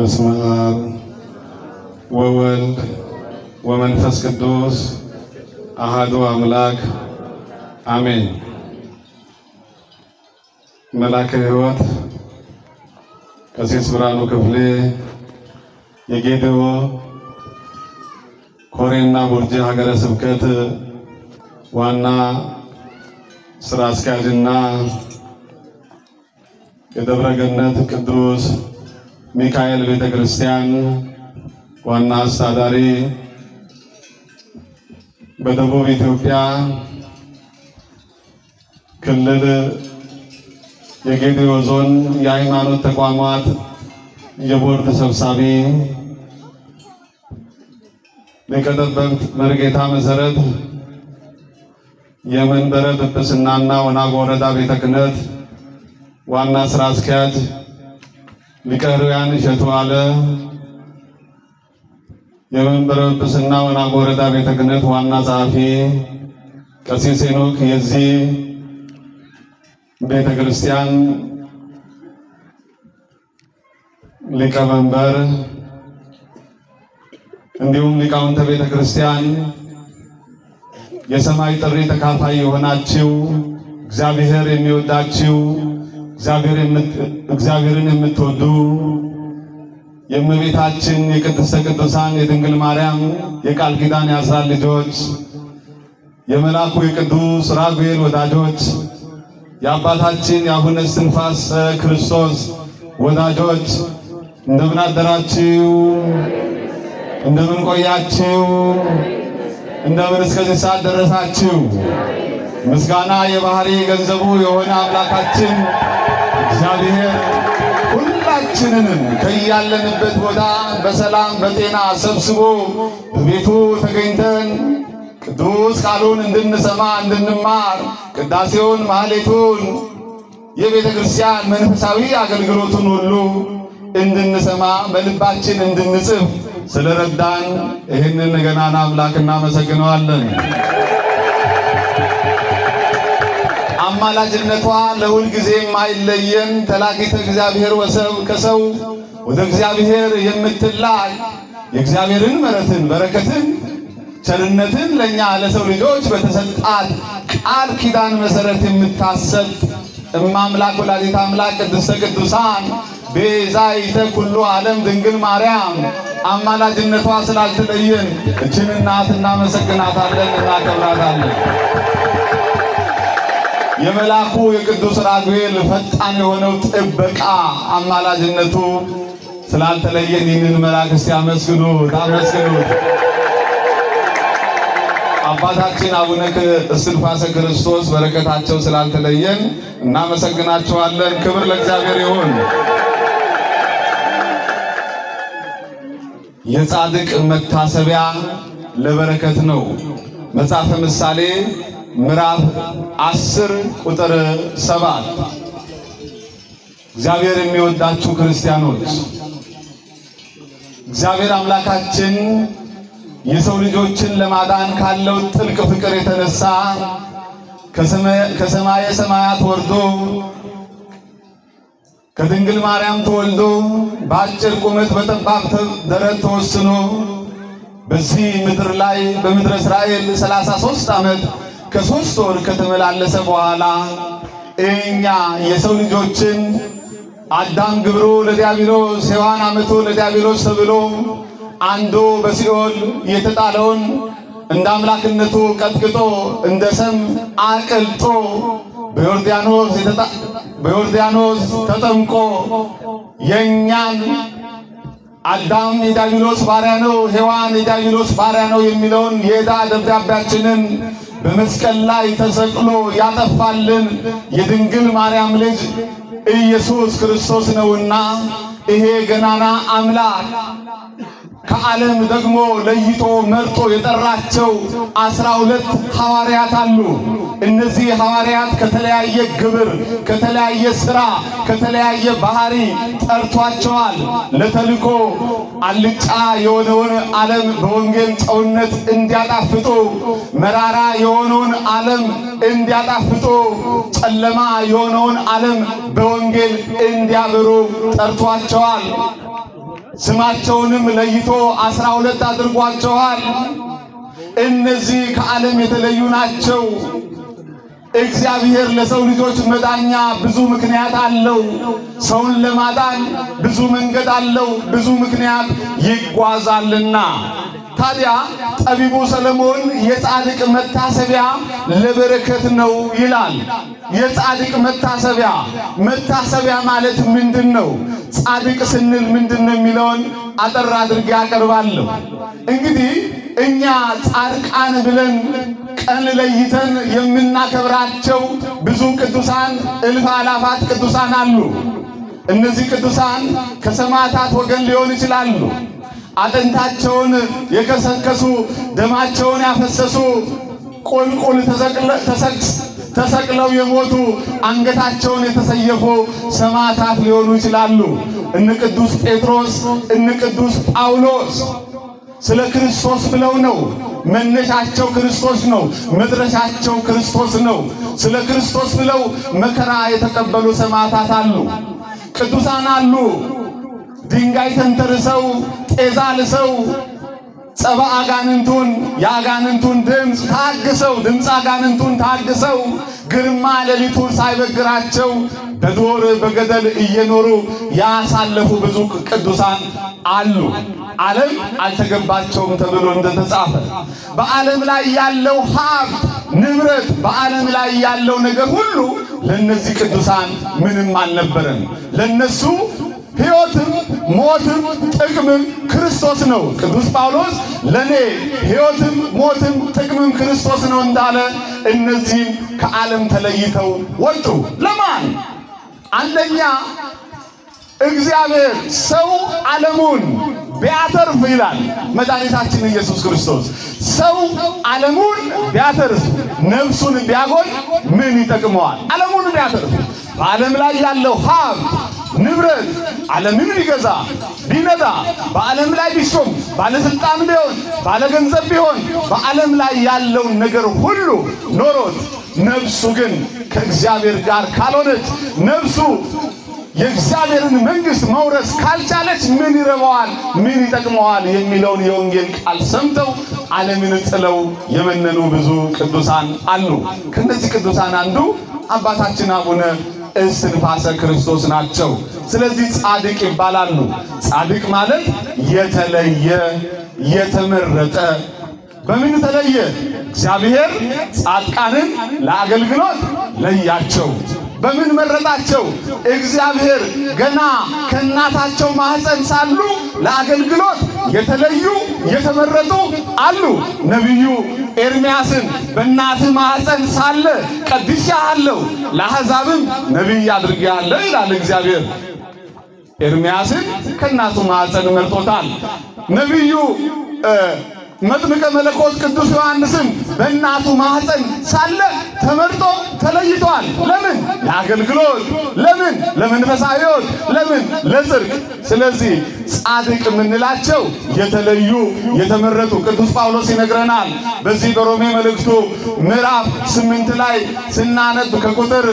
በስመ አብ ወወልድ ወመንፈስ ቅዱስ አሃዱ አምላክ አሜን። መላከ ሕይወት ቀሲስ ብርሃኑ ክፍሌ የጌዴኦ ኮሬና ቦርጄ ሀገረ ስብከት ዋና ስራ አስኪያጅና የደብረ ገነት ቅዱስ ሚካኤል ቤተ ክርስቲያን ዋና አስተዳዳሪ፣ በደቡብ ኢትዮጵያ ክልል የጌዴኦ ዞን የሃይማኖት ተቋማት የቦርድ ሰብሳቢ ሊቀ ጠበብት መርጌታ መሰረት የመንበረ ጵጵስናና ወናጎ ወረዳ ቤተ ክህነት ዋና ስራ አስኪያጅ ሊቀርያን እሸቱ አለ የመንበረ ጵጵስና ወናጎ ወረዳ ቤተ ክህነት ዋና ጸሐፊ ቀሲስ ሄኖክ የዚህ ቤተ ክርስቲያን ሊቀመንበር እንዲሁም ሊቃውንተ ቤተ ክርስቲያን የሰማይ ጥሪ ተካፋይ የሆናችሁ እግዚአብሔር የሚወዳችሁ እግዚአብሔርን የምትወዱ የእመቤታችን የቅድስተ ቅዱሳን የድንግል ማርያም የቃል ኪዳን የአስራት ልጆች የመልአኩ የቅዱስ ራጉኤል ወዳጆች የአባታችን የአቡነ እስትንፋሰ ክርስቶስ ወዳጆች እንደምን አደራችሁ? እንደምን ቆያችሁ? እንደምን እስከዚህ ሰዓት ደረሳችሁ? ምስጋና የባህሪ ገንዘቡ የሆነ አምላካችን እግዚአብሔር ሁላችንንም ከያለንበት ቦታ በሰላም በጤና ሰብስቦ በቤቱ ተገኝተን ቅዱስ ቃሉን እንድንሰማ እንድንማር ቅዳሴውን፣ ማህሌቱን፣ የቤተ ክርስቲያን መንፈሳዊ አገልግሎቱን ሁሉ እንድንሰማ በልባችን እንድንጽፍ ስለረዳን ይህንን ገናና አምላክ እናመሰግነዋለን። አማላጅነቷ ለሁል ጊዜ የማይለየን ተላኪተ እግዚአብሔር ወሰብ ከሰው ወደ እግዚአብሔር የምትላክ የእግዚአብሔርን ምሕረትን በረከትን ቸርነትን ለእኛ ለሰው ልጆች በተሰጣት ቃል ኪዳን መሰረት የምታሰጥ እማምላክ ወላዲተ አምላክ ቅድስተ ቅዱሳን ቤዛይተ ኩሉ ዓለም ድንግል ማርያም አማላጅነቷ ስላልተለየን እችን እናት እናመሰግናታለን፣ እናከብራታለን። የመልአኩ የቅዱስ ራጉኤል ፈጣን የሆነው ጥበቃ አማላጅነቱ ስላልተለየን ይህንን መልአክ እስቲ አመስግኑት፣ አባታችን አቡነ እስትንፋሰ ክርስቶስ በረከታቸው ስላልተለየን እናመሰግናቸዋለን። ክብር ለእግዚአብሔር ይሁን። የጻድቅ መታሰቢያ ለበረከት ነው። መጽሐፈ ምሳሌ ምዕራፍ አስር ቁጥር ሰባት እግዚአብሔር የሚወዳችሁ ክርስቲያኖች እግዚአብሔር አምላካችን የሰው ልጆችን ለማዳን ካለው ጥልቅ ፍቅር የተነሳ ከሰማየ ሰማያት ወርዶ ከድንግል ማርያም ተወልዶ በአጭር ቁመት በጠባብ ደረት ተወስኖ በዚህ ምድር ላይ በምድረ እስራኤል 33 ዓመት ከሶስት ወር ከተመላለሰ በኋላ እኛ የሰው ልጆችን አዳም ግብሮ ለዲያብሎስ ሔዋን አመቶ ለዲያብሎስ ተብሎ አንዱ በሲኦል የተጣለውን እንደ አምላክነቱ ቀጥቅጦ እንደ ሰም አቅልጦ በዮርዳኖስ ተጠምቆ የእኛን አዳም የዲያብሎስ ባሪያ ነው፣ ሔዋን የዲያብሎስ ባሪያ ነው የሚለውን የዕዳ ደብዳቤያችንን በመስቀል ላይ ተሰቅሎ ያጠፋልን የድንግል ማርያም ልጅ ኢየሱስ ክርስቶስ ነውና ይሄ ገናና አምላክ ከዓለም ደግሞ ለይቶ መርጦ የጠራቸው አስራ ሁለት ሐዋርያት አሉ። እነዚህ ሐዋርያት ከተለያየ ግብር፣ ከተለያየ ሥራ፣ ከተለያየ ባህሪ ጠርቷቸዋል። ለተልኮ አልጫ የሆነውን ዓለም በወንጌል ጨውነት እንዲያጣፍጡ፣ መራራ የሆነውን ዓለም እንዲያጣፍጡ፣ ጨለማ የሆነውን ዓለም በወንጌል እንዲያበሩ ጠርቷቸዋል። ስማቸውንም ለይቶ አስራ ሁለት አድርጓቸዋል። እነዚህ ከዓለም የተለዩ ናቸው። እግዚአብሔር ለሰው ልጆች መዳኛ ብዙ ምክንያት አለው። ሰውን ለማዳን ብዙ መንገድ አለው፣ ብዙ ምክንያት ይጓዛልና። ታዲያ ጠቢቡ ሰለሞን የጻድቅ መታሰቢያ ለበረከት ነው ይላል። የጻድቅ መታሰቢያ መታሰቢያ ማለት ምንድን ነው? ጻድቅ ስንል ምንድን ነው የሚለውን አጠር አድርጌ አቀርባለሁ። እንግዲህ እኛ ጻድቃን ብለን ቀን ለይተን የምናከብራቸው ብዙ ቅዱሳን እልፍ አላፋት ቅዱሳን አሉ። እነዚህ ቅዱሳን ከሰማዕታት ወገን ሊሆኑ ይችላሉ። አጥንታቸውን የከሰከሱ ደማቸውን ያፈሰሱ ቁልቁል ተሰቅለው የሞቱ አንገታቸውን የተሰየፉ ሰማዕታት ሊሆኑ ይችላሉ። እነ ቅዱስ ጴጥሮስ፣ እነ ቅዱስ ጳውሎስ ስለ ክርስቶስ ብለው ነው መነሻቸው ክርስቶስ ነው፣ መድረሻቸው ክርስቶስ ነው። ስለ ክርስቶስ ብለው መከራ የተቀበሉ ሰማዕታት አሉ፣ ቅዱሳን አሉ። ድንጋይ ተንተርሰው ጤዛ ልሰው ጸባ አጋንንቱን የአጋንንቱን ድምፅ ታግሰው ድምፅ አጋንንቱን ታግሰው ግርማ ሌሊቱን ሳይበግራቸው በዶር በገደል እየኖሩ ያሳለፉ ብዙ ቅዱሳን አሉ። ዓለም አልተገባቸውም ተብሎ እንደተጻፈ በዓለም ላይ ያለው ሀብት ንብረት፣ በዓለም ላይ ያለው ነገር ሁሉ ለነዚህ ቅዱሳን ምንም አልነበረም ለነሱ ሕይወትም ሞትም ጥቅምም ክርስቶስ ነው። ቅዱስ ጳውሎስ ለእኔ ሕይወትም ሞትም ጥቅምም ክርስቶስ ነው እንዳለ እነዚህም ከዓለም ተለይተው ወጡ። ለማን? አንደኛ እግዚአብሔር ሰው ዓለሙን ቢያተርፍ ይላል መድኃኒታችን ኢየሱስ ክርስቶስ። ሰው ዓለሙን ቢያተርፍ ነፍሱን ቢያጎል ምን ይጠቅመዋል? ዓለሙን ቢያተርፍ በዓለም ላይ ያለው ሀብ ንብረት ዓለምን ሊገዛ ቢነዳ በዓለም ላይ ቢሾም ባለስልጣን ቢሆን ባለገንዘብ ቢሆን በዓለም ላይ ያለውን ነገር ሁሉ ኖሮት ነፍሱ ግን ከእግዚአብሔር ጋር ካልሆነች ነፍሱ የእግዚአብሔርን መንግሥት መውረስ ካልቻለች ምን ይረባዋል? ምን ይጠቅመዋል? የሚለውን የወንጌል ቃል ሰምተው ዓለምን ጥለው የመነኑ ብዙ ቅዱሳን አሉ። ከነዚህ ቅዱሳን አንዱ አባታችን አቡነ እስትንፋሰ ክርስቶስ ናቸው። ስለዚህ ጻድቅ ይባላሉ። ጻድቅ ማለት የተለየ የተመረጠ በምን ተለየ? እግዚአብሔር ጻድቃንን ለአገልግሎት ለያቸው። በምን መረጣቸው? እግዚአብሔር ገና ከእናታቸው ማህፀን ሳሉ ለአገልግሎት የተለዩ የተመረጡ አሉ። ነቢዩ ኤርምያስን በእናት ማህፀን ሳለ ቀድሼሃለሁ፣ ለአሕዛብም ነቢይ አድርጌሃለሁ ይላል እግዚአብሔር። ኤርምያስን ከእናቱ ማህፀን መርጦታል። ነቢዩ መጥምቀ መለኮት ቅዱስ ዮሐንስን በእናቱ ማህፀን ሳለ ተመርጦ ተለይቷል። ለምን? ለአገልግሎት። ለምን? ለመንፈሳዊ ሕይወት። ለምን? ለጽድቅ። ስለዚህ ጻድቅ የምንላቸው የተለዩ የተመረጡ፣ ቅዱስ ጳውሎስ ይነግረናል። በዚህ በሮሜ መልእክቱ ምዕራፍ ስምንት ላይ ስናነብ ከቁጥር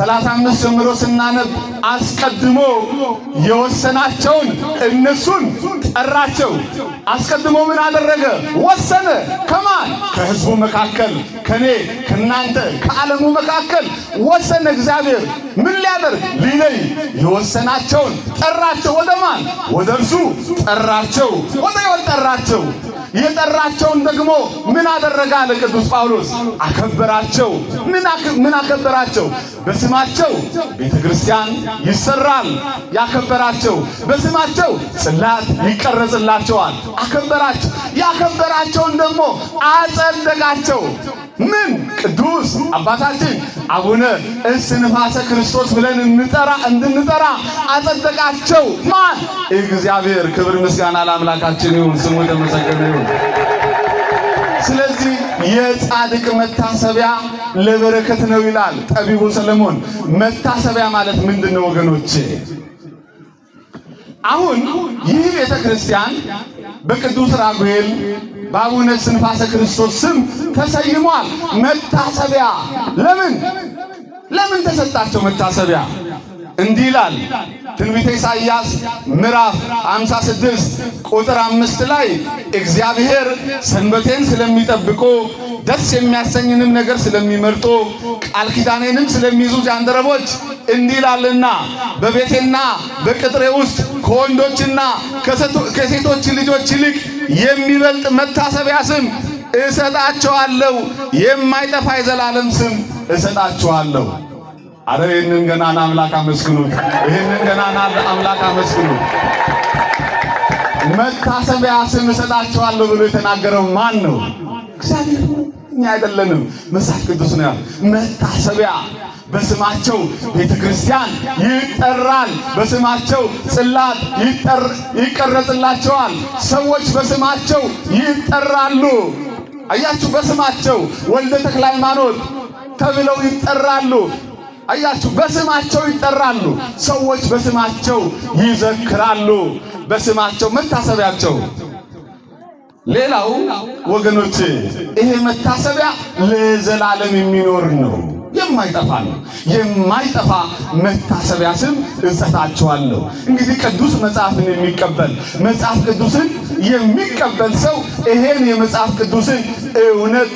35 ጀምሮ ስናነብ አስቀድሞ የወሰናቸውን እነሱን ጠራቸው። አስቀድሞ ምን አደረገ? ወሰነ። ከማን ከህዝቡ መካከል፣ ከኔ ከናንተ ከዓለሙ መካከል ወሰነ። እግዚአብሔር ምን ሊያደርግ ሊለይ የወሰናቸውን ጠራቸው። ወደ ማን? ወደ እርሱ ጠራቸው። ወደ ይወል ጠራቸው የጠራቸውን ደግሞ ምን አደረገ አለ ቅዱስ ጳውሎስ? አከበራቸው። ምን አከበራቸው? በስማቸው ቤተ ክርስቲያን ይሰራል። ያከበራቸው በስማቸው ጽላት ይቀረጽላቸዋል። አከበራቸው። ያከበራቸውን ደግሞ አጸደቃቸው። ምን ቅዱስ አባታችን አቡነ እስትንፋሰ ክርስቶስ ብለን እንጠራ እንድንጠራ አጸደቃቸው። ማን እግዚአብሔር። ክብር ምስጋና ለአምላካችን ይሁን፣ ስሙ የተመሰገነ ይሁን። ስለዚህ የጻድቅ መታሰቢያ ለበረከት ነው ይላል ጠቢቡ ሰለሞን። መታሰቢያ ማለት ምንድን ነው ወገኖቼ? አሁን ይህ ቤተ ክርስቲያን በቅዱስ ራጉኤል በአቡነ እስትንፋሰ ክርስቶስ ስም ተሰይሟል። መታሰቢያ ለምን ለምን ተሰጣቸው መታሰቢያ? እንዲህ ይላል ትንቢተ ኢሳይያስ ምዕራፍ 56 ቁጥር አምስት ላይ እግዚአብሔር ሰንበቴን ስለሚጠብቁ ደስ የሚያሰኝንም ነገር ስለሚመርጡ ቃል ኪዳኔንም ስለሚይዙ ጃንደረቦች እንዲህ ይላልና በቤቴና በቅጥሬ ውስጥ ከወንዶችና ከሴቶች ልጆች ይልቅ የሚበልጥ መታሰቢያ ስም እሰጣቸዋለሁ፣ የማይጠፋ የዘላለም ስም እሰጣቸዋለሁ። አረ ይህንን ገናና አምላክ አመስግኑት! ይህንን ገናና አምላክ አመስግኑት! መታሰቢያ ስም እሰጣቸዋለሁ ብሎ የተናገረው ማን ነው? እግዚአብሔር። እኛ አይደለንም። መጽሐፍ ቅዱስ ነው መታሰቢያ በስማቸው ቤተ ክርስቲያን ይጠራል። በስማቸው ጽላት ይቀረጽላቸዋል። ሰዎች በስማቸው ይጠራሉ። አያችሁ፣ በስማቸው ወልደ ተክለ ሃይማኖት ተብለው ይጠራሉ። አያችሁ፣ በስማቸው ይጠራሉ። ሰዎች በስማቸው ይዘክራሉ። በስማቸው መታሰቢያቸው ሌላው ወገኖች ይሄ መታሰቢያ ለዘላለም የሚኖር ነው። የማይጠፋ ነው። የማይጠፋ መታሰቢያ ስም እሰጣችኋለሁ። እንግዲህ ቅዱስ መጽሐፍን የሚቀበል መጽሐፍ ቅዱስን የሚቀበል ሰው ይሄን የመጽሐፍ ቅዱስን እውነት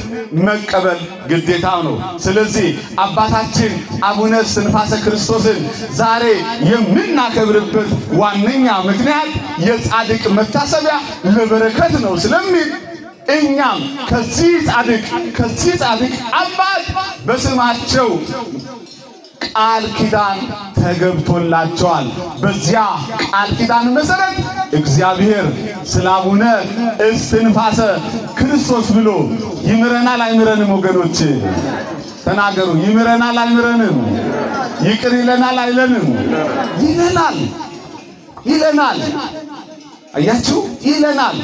መቀበል ግዴታ ነው። ስለዚህ አባታችን አቡነ እስትንፋሰ ክርስቶስን ዛሬ የምናከብርበት ዋነኛ ምክንያት የጻድቅ መታሰቢያ ለበረከት ነው ስለሚል እኛም ከዚህ ጻድቅ ከዚህ ጻድቅ አባት በስማቸው ቃል ኪዳን ተገብቶላቸዋል። በዚያ ቃል ኪዳን መሰረት እግዚአብሔር ስለ አቡነ እስትንፋሰ ክርስቶስ ብሎ ይምረናል አይምረንም? ወገኖች ተናገሩ። ይምረናል አይምረንም? ይቅር ይለናል አይለንም? ይለናል ይለናል። አያችሁ ይለናል።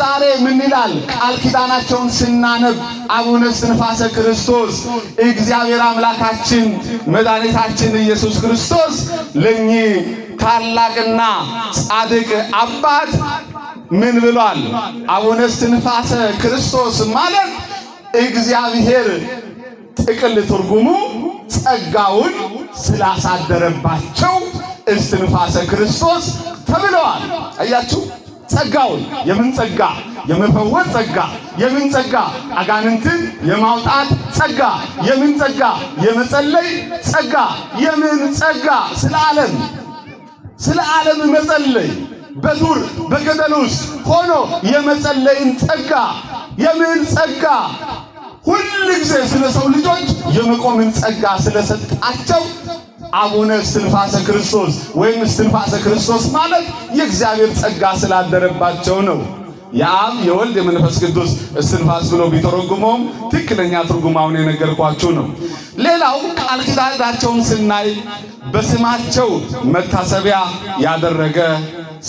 ዛሬ ምን ይላል? ቃል ኪዳናቸውን ስናነብ አቡነ እስትንፋሰ ክርስቶስ እግዚአብሔር አምላካችን መድኃኒታችን ኢየሱስ ክርስቶስ ለእኚህ ታላቅና ጻድቅ አባት ምን ብሏል? አቡነ እስትንፋሰ ክርስቶስ ማለት እግዚአብሔር ጥቅል ትርጉሙ ጸጋውን ስላሳደረባቸው እስትንፋሰ ክርስቶስ ተብለዋል። አያችሁ ጸጋውን ጸጋ የመፈወጥ ጸጋ ጸጋ አጋንንትን የማውጣት ጸጋ ጸጋ የመጸለይ ጸጋ ጸጋ ስለ ዓለም ስለ ዓለም መጸለይ በዱር በገደል ውስጥ ሆኖ የመጸለይን ጸጋ የምን ጸጋ ሁል ጊዜ ስለ ሰው ልጆች የመቆምን ጸጋ ስለሰጣቸው አቡነ እስትንፋሰ ክርስቶስ ወይም እስትንፋሰ ክርስቶስ ማለት የእግዚአብሔር ጸጋ ስላደረባቸው ነው። የአብ የወልድ የመንፈስ ቅዱስ እስትንፋስ ብሎ ቢተረጉመውም ትክክለኛ ትርጉም አሁን የነገርኳችሁ ነው። ሌላው ቃል ኪዳናቸውን ስናይ በስማቸው መታሰቢያ ያደረገ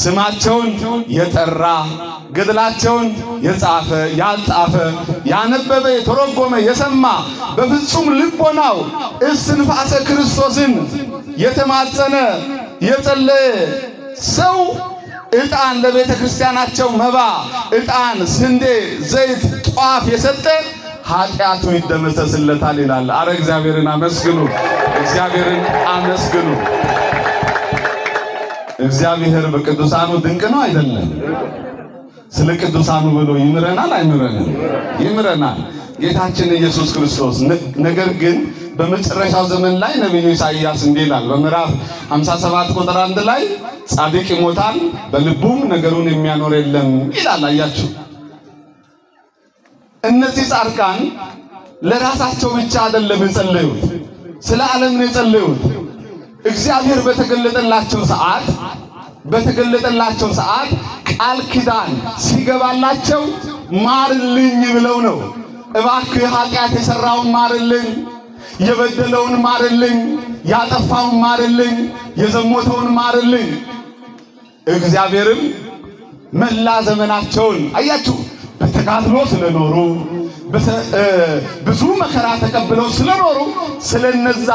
ስማቸውን የጠራ ገድላቸውን የጻፈ ያልጻፈ ያነበበ የተረጎመ የሰማ በፍጹም ልቦናው እስትንፋሰ ክርስቶስን የተማጸነ የጸለየ ሰው ዕጣን ለቤተ ክርስቲያናቸው መባ፣ ዕጣን፣ ስንዴ፣ ዘይት፣ ጧፍ የሰጠ ኃጢአቱ ይደመሰስለታል ይላል። አረ እግዚአብሔርን አመስግኑ! እግዚአብሔርን አመስግኑ! እግዚአብሔር በቅዱሳኑ ድንቅ ነው አይደለም? ስለ ቅዱሳኑ ብሎ ይምረናል አይምረንም? ይምረናል ጌታችን ኢየሱስ ክርስቶስ ነገር ግን በመጨረሻው ዘመን ላይ ነቢዩ ኢሳይያስ እንዲህ ይላል በምዕራፍ 57 ቁጥር 1 ላይ ጻድቅ ይሞታል፣ በልቡም ነገሩን የሚያኖር የለም ይላል። አያችሁ እነዚህ ጻድቃን ለራሳቸው ብቻ አይደለም የጸለዩት፣ ስለ ዓለም ነው የጸለዩት። እግዚአብሔር በተገለጠላቸው ሰዓት በተገለጠላቸው ሰዓት ቃል ኪዳን ሲገባላቸው ማርልኝ ብለው ነው። እባክህ ኃጢአት የሰራውን ማርልኝ የበደለውን ማርልኝ፣ ያጠፋውን ማርልኝ፣ የዘሞተውን ማርልኝ። እግዚአብሔርም መላ ዘመናቸውን አያችሁ በተጋድሎ ስለኖሩ ብዙ መከራ ተቀብለው ስለኖሩ ስለነዛ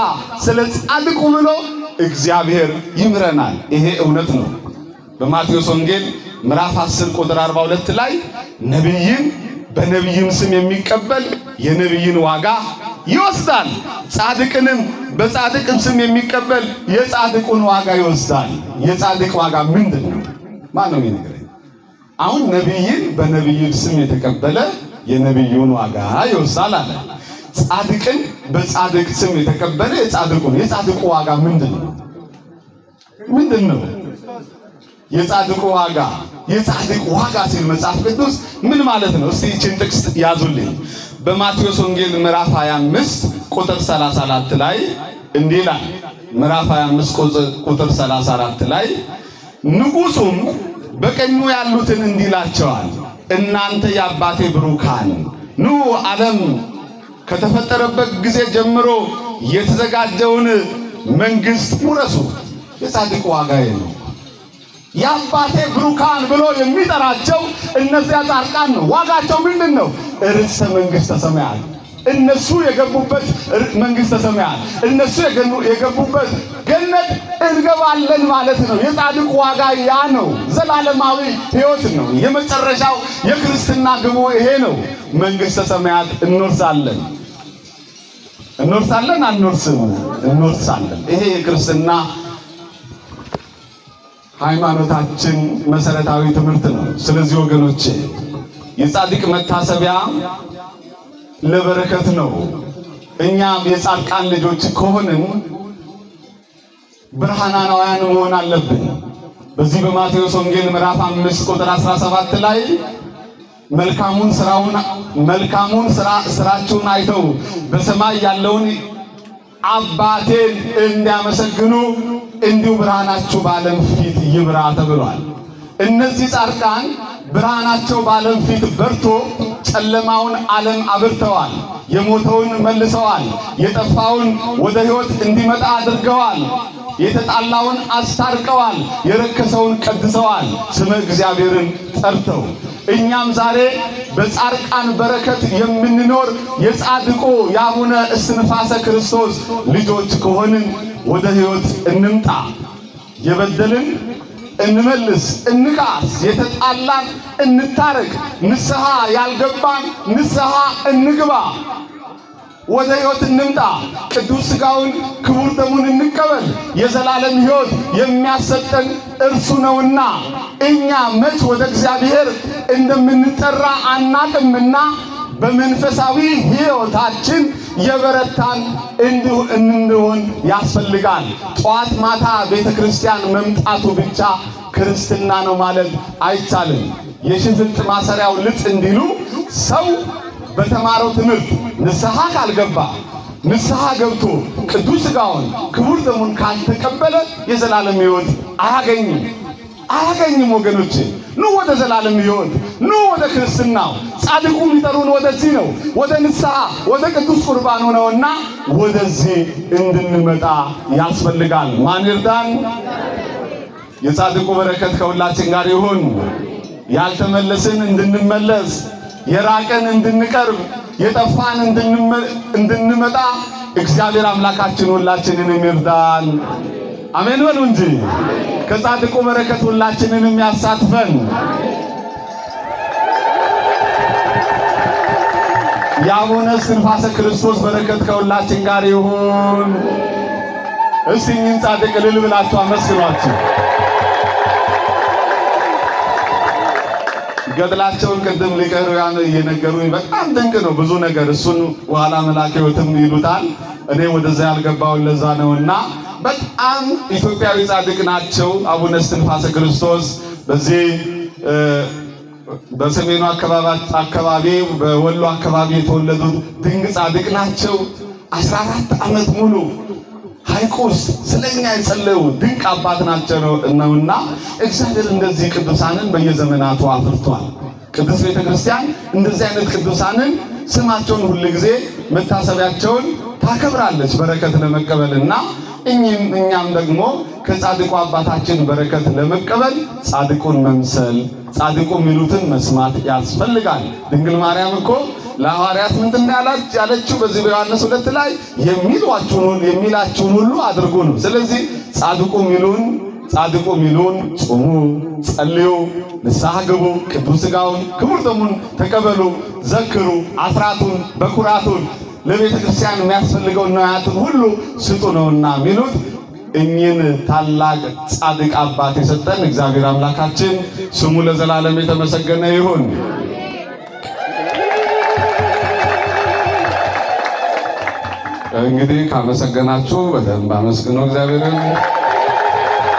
ስለ ጻድቁ ብሎ እግዚአብሔር ይምረናል። ይሄ እውነት ነው። በማቴዎስ ወንጌል ምዕራፍ 10 ቁጥር 42 ላይ ነብይን በነብይም ስም የሚቀበል የነብይን ዋጋ ይወስዳል። ጻድቅንም በጻድቅም ስም የሚቀበል የጻድቁን ዋጋ ይወስዳል። የጻድቅ ዋጋ ምንድን ነው? ማን ነው የሚነግረኝ? አሁን ነቢይን በነቢይ ስም የተቀበለ የነቢዩን ዋጋ ይወስዳል አለ። ጻድቅን በጻድቅ ስም የተቀበለ የጻድቁን የጻድቁ ዋጋ ምንድን ነው? ምንድን ነው የጻድቁ ዋጋ? የጻድቅ ዋጋ ሲል መጽሐፍ ቅዱስ ምን ማለት ነው? እስቲ ይህችን ጥቅስ ያዙልኝ። በማቴዎስ ወንጌል ምዕራፍ 25 ቁጥር 34 ላይ እንዲህ ይላል። ምዕራፍ 25 ቁጥር 34 ላይ ንጉሱም በቀኙ ያሉትን እንዲላቸዋል፣ እናንተ የአባቴ ብሩካን ኑ ዓለም ከተፈጠረበት ጊዜ ጀምሮ የተዘጋጀውን መንግስት ውረሱ። የጻድቅ ዋጋዬ ነው። የአባቴ ብሩካን ብሎ የሚጠራቸው እነዚያ ጻድቃን ነው። ዋጋቸው ምንድን ነው? ርዕሰ መንግሥተ ሰማያት እነሱ የገቡበት መንግሥተ ሰማያት እነሱ የገቡበት ገነት እንገባለን ማለት ነው። የጻድቅ ዋጋ ያ ነው። ዘላለማዊ ሕይወት ነው። የመጨረሻው የክርስትና ግቡ ይሄ ነው። መንግሥተ ሰማያት እንወርሳለን። እንወርሳለን አንወርስም፣ እንወርሳለን። ይሄ የክርስትና ሃይማኖታችን መሰረታዊ ትምህርት ነው። ስለዚህ ወገኖቼ የጻድቅ መታሰቢያ ለበረከት ነው። እኛም የጻድቃን ልጆች ከሆንን ብርሃናውያን መሆን አለብን። በዚህ በማቴዎስ ወንጌል ምዕራፍ 5 ቁጥር 17 ላይ መልካሙን ስራውን መልካሙን ስራ ስራችሁን አይተው በሰማይ ያለውን አባቴን እንዲያመሰግኑ እንዲሁ ብርሃናችሁ በዓለም ፊት ይብራ ተብሏል። እነዚህ ጻድቃን ብርሃናቸው በዓለም ፊት በርቶ ጨለማውን ዓለም አብርተዋል። የሞተውን መልሰዋል። የጠፋውን ወደ ሕይወት እንዲመጣ አድርገዋል። የተጣላውን አስታርቀዋል። የረከሰውን ቀድሰዋል። ስመ እግዚአብሔርን ጠርተው እኛም ዛሬ በጻርቃን በረከት የምንኖር የጻድቁ የአቡነ እስትንፋሰ ክርስቶስ ልጆች ከሆንን ወደ ሕይወት እንምጣ የበደልን እንመልስ፣ እንካስ፣ የተጣላን እንታረግ ንስሐ ያልገባን ንስሐ እንግባ፣ ወደ ሕይወት እንምጣ፣ ቅዱስ ሥጋውን ክቡር ደሙን እንቀበል። የዘላለም ሕይወት የሚያሰጠን እርሱ ነውና እኛ መች ወደ እግዚአብሔር እንደምንጠራ አናቅምና በመንፈሳዊ ሕይወታችን የበረታን እንዲሁ እንድንሆን ያስፈልጋል። ጠዋት ማታ ቤተ ክርስቲያን መምጣቱ ብቻ ክርስትና ነው ማለት አይቻልም። የሽንጥጥ ማሰሪያው ልጥ እንዲሉ ሰው በተማረው ትምህርት ንስሐ ካልገባ ንስሐ ገብቶ ቅዱስ ሥጋውን ክቡር ደሙን ካልተቀበለ የዘላለም ሕይወት አያገኝም። አያገኝም። ወገኖቼ ኑ ወደ ዘላለም ሕይወት ኑ ወደ ክርስትናው። ጻድቁ የሚጠሩን ወደዚህ ነው፣ ወደ ንስሐ፣ ወደ ቅዱስ ቁርባኑ ነውና ወደዚህ እንድንመጣ ያስፈልጋል። ማን ይርዳን? የጻድቁ በረከት ከሁላችን ጋር ይሁን። ያልተመለስን እንድንመለስ፣ የራቀን እንድንቀርብ፣ የጠፋን እንድንመጣ እግዚአብሔር አምላካችን ሁላችንን ይርዳን። አሜን በሉ እንጂ ከጻድቁ በረከት ሁላችንን የሚያሳትፈን የአቡነ እስትንፋሰ ክርስቶስ በረከት ከሁላችን ጋር ይሁን። እስቲ እኚህን ጻድቅ እልል ብላችሁ አመስግኗቸው። ገድላቸውን ቅድም ሊቀሩያን እየነገሩኝ በጣም ድንቅ ነው። ብዙ ነገር እሱን ኋላ መላክ ሕይወትም ይሉታል። እኔ ወደዛ ያልገባው ለዛ ነውና በጣም ኢትዮጵያዊ ጻድቅ ናቸው አቡነ እስትንፋሰ ክርስቶስ በዚህ በሰሜኑ አካባቢ በወሎ አካባቢ የተወለዱት ድንቅ ጻድቅ ናቸው። አስራ አራት ዓመት ሙሉ ሐይቅ ውስጥ ስለኛ የጸለዩ ድንቅ አባት ናቸው ነውና እግዚአብሔር እንደዚህ ቅዱሳንን በየዘመናቱ አፍርቷል። ቅዱስ ቤተ ክርስቲያን እንደዚህ አይነት ቅዱሳንን ስማቸውን ሁልጊዜ መታሰቢያቸውን ታከብራለች በረከት ለመቀበልና እኚህም እኛም ደግሞ ከጻድቁ አባታችን በረከት ለመቀበል ጻድቁን መምሰል ጻድቁ የሚሉትን መስማት ያስፈልጋል። ድንግል ማርያም እኮ ለሐዋርያት ምንድን ያላት ያለችው በዚህ በዮሐንስ ሁለት ላይ የሚሏችሁን የሚላችሁን ሁሉ አድርጉ ነው። ስለዚህ ጻድቁ የሚሉን ጻድቁ የሚሉን ጾሙ፣ ጸልዩ፣ ንስሐ ግቡ፣ ቅዱስ ሥጋውን ክቡር ደሙን ተቀበሉ፣ ዘክሩ፣ አስራቱን በኩራቱን ለቤተ ክርስቲያን የሚያስፈልገውን ንዋያትን ሁሉ ስጡ ነውና የሚሉት እኚህን ታላቅ ጻድቅ አባት የሰጠን እግዚአብሔር አምላካችን ስሙ ለዘላለም የተመሰገነ ይሁን። እንግዲህ ካመሰገናችሁ በደንብ አመስግኑ እግዚአብሔርን።